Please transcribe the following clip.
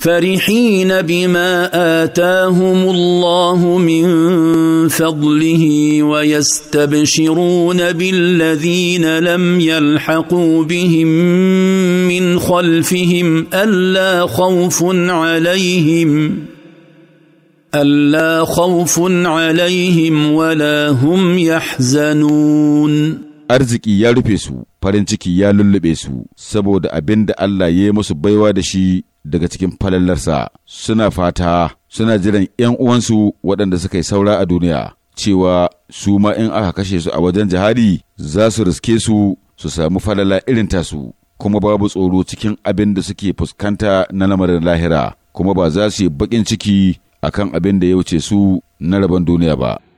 فرحين بما اتاهم الله من فضله ويستبشرون بالذين لم يلحقوا بهم من خلفهم الا خوف عليهم الا خوف عليهم ولا هم يحزنون arziki ya rufe su farin ciki ya lullube su saboda abin da Allah ya yi musu baiwa da shi daga cikin falallarsa suna fata suna jiran 'yan uwansu waɗanda suka yi saura a duniya cewa su ma in aka kashe su a wajen jihadi za su riske su su samu falala irin tasu kuma babu tsoro cikin abin da suke fuskanta na lamarin lahira kuma ba za su yi bakin ciki akan abin da ya wuce su na rabon duniya ba.